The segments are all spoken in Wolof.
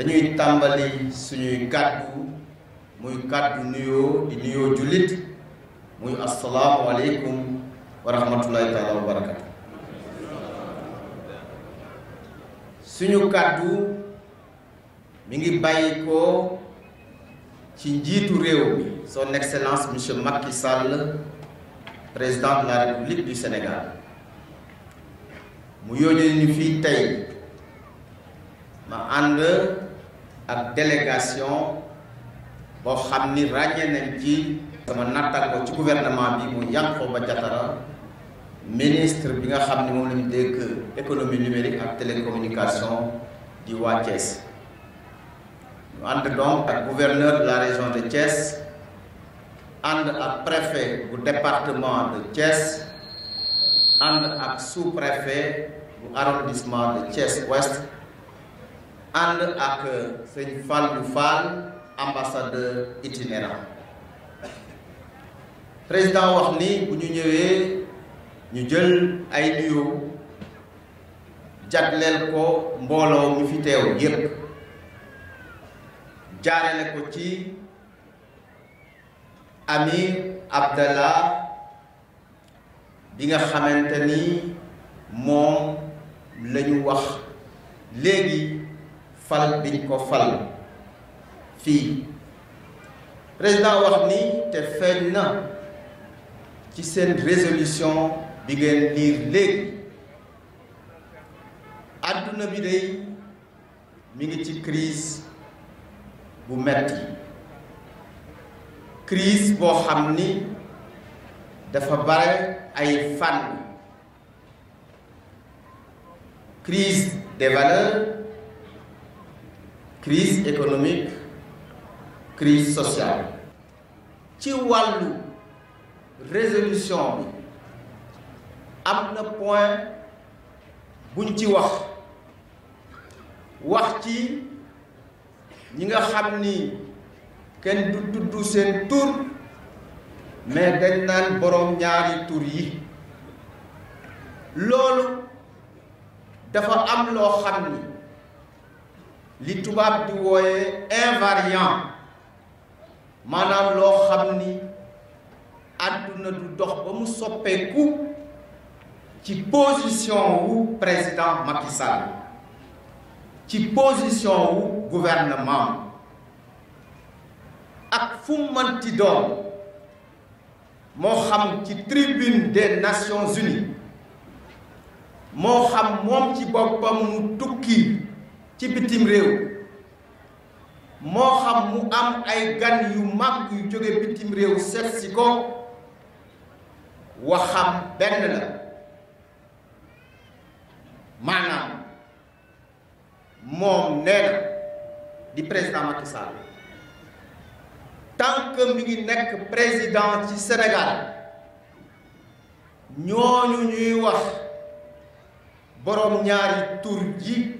dañuy Tambali suñuy kàddu muy kàddu nuyoo di nuyoo jullit muy assalaamu aleykum wa rahmatullahi taala wa barakatu suñu kàddu mi ngi bàyyi ko ci njiitu réew mi son excellence monsieur Macky Sall président de la république du Sénégal mu yónnee ñu fii tey ma ànd la délégation pour xamni rañé nañ ci sama gouvernement bi mu ba ministre bi nga xamni et de lañu dégg économie numérique ak télécommunication di wa Thiès ñu donc ak gouverneur de la région de Thiès and ak préfet du département de Thiès and ak sous-préfet du arrondissement de Thiès Ouest ànd ak sëñ Fallou Fall ambassadeur itinérant président wax ni bu ñu ñëwee ñu jël ay nuyoo jagleel ko mbooloo mu fi teew yépp jaarale ko ci Amir Abdallah bi nga xamante ni moom lañu wax léegi fal biñ ko fal fii président wax ni te feeñ na ci seen résolution bi ngeen liir léegi àdduna bi day mi ngi ci crise bu metti crise boo xam ni dafa bare ay fànn crise des valeurs crise économique crise sociale ci wàllu résolution bi am na point buñ ci wax wax ci ñi nga xam ni kenn du tudd seen tur mais dañ naan boroom ñaari tur yi loolu dafa am loo xam ni li tubaab di woyé invariant manam lo xamni aduna du dox ba mu ci position wu président Macky Sall ci position wu gouvernement ak fu manti do mo xam ci tribune des Nations Unies mo xam mom ci bopam mu tukki ci bitim réew moo xam mu am ay gan yu mag yu jóge bitim réew seet si ko waxam benn la di président Macky Sall tant que mi ngi nyonyu président ci Sénégal ñooñu ñuy wax ñaari ji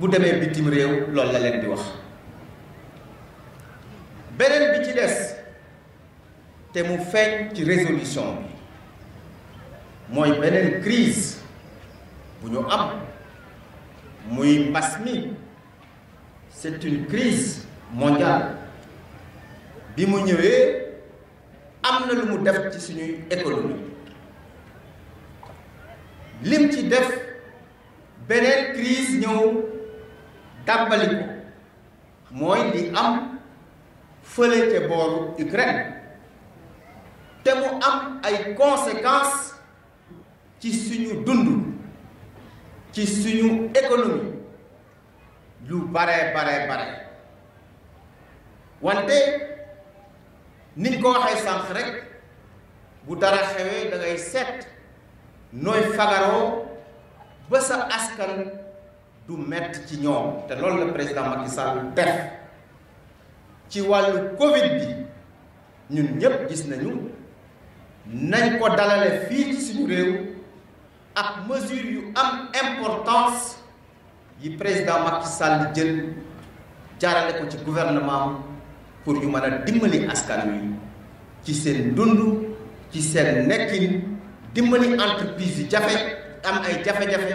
bu demee bitim réew loolu la leen di wax beneen bi ci des te mu feeñ ci résolution bi mooy beneen crise bu ñu am muy mbas c'est une crise mondiale bi mu ñëwee am lu mu def ci suñuy économie lim ci def beneen crise ñëw tàbbaliko moy di am feulé ca boru Ukraine té mu am ay conséquences ci suñu dund ci suñu économie lu bare bare bare wante niñ ko waxee sànq rek bu dara xewé da ngay noy nooy fagaroo ba sa askan du metti ci ñoom té loolu le président Macky Sall def ci walu Covid bi ñun ñëpp gis nañu nañ ko dalalé fi ci suñu réew ak mesure yu am importance yi président Macky Sall jël jaralé ko ci gouvernement pour yu mëna dimbali askan wi ci seen dundu ci seen nekkin dimbali entreprise yu jafé am ay jafé jafé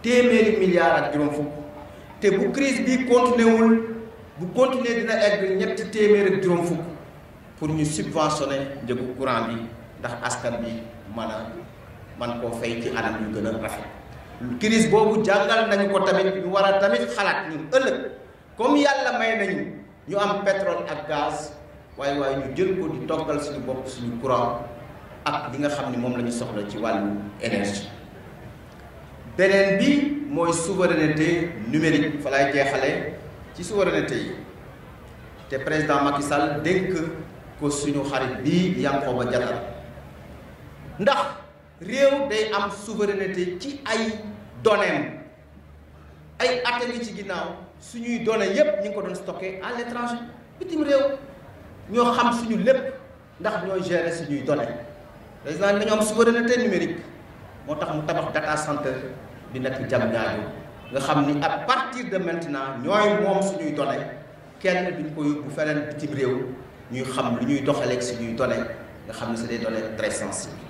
téeméeri milliards ak juróom fukk te bu crise bi continuer wul bu continuer dina egg ñetti téeméer ak juróom fukk pour ñu subventionné njëgu courant bi ndax askan bi man a man koo fay ci anam yu gën a rafet crise boobu jàngal nañu ko tamit ñu war a tamit xalaat ñu ëllëg comme yàlla may nañu ñu am pétrole ak gaz waaye waaye ñu jël ko di toggal suñu bopp suñu courant ak li nga xam ni moom la ñu soxla ci wàllu énergie beneen bi mooy souveraineté numérique fa lay jeexale ci souveraineté yi te président Macky Sall dénk ko suñu xarit bii Yankhoba Diattara ndax réew day am souveraineté ci ay données ay at ngi ci ginnaaw suñuy données yépp ñu ngi ko doon stocké à l'étranger bitim réew ñoo xam suñu lépp ndax ñooy gérer suñuy données président dañoo am souveraineté numérique moo mu tabax data center bi nekk jam ñaajo nga xam à partir de maintenant ñoy mom suñuy données kenn duñ ko yóbbu feneen bitim réew ñuy xam lu ñuy doxale doxaleeg suñuy données nga xamni c'est des données très sensibles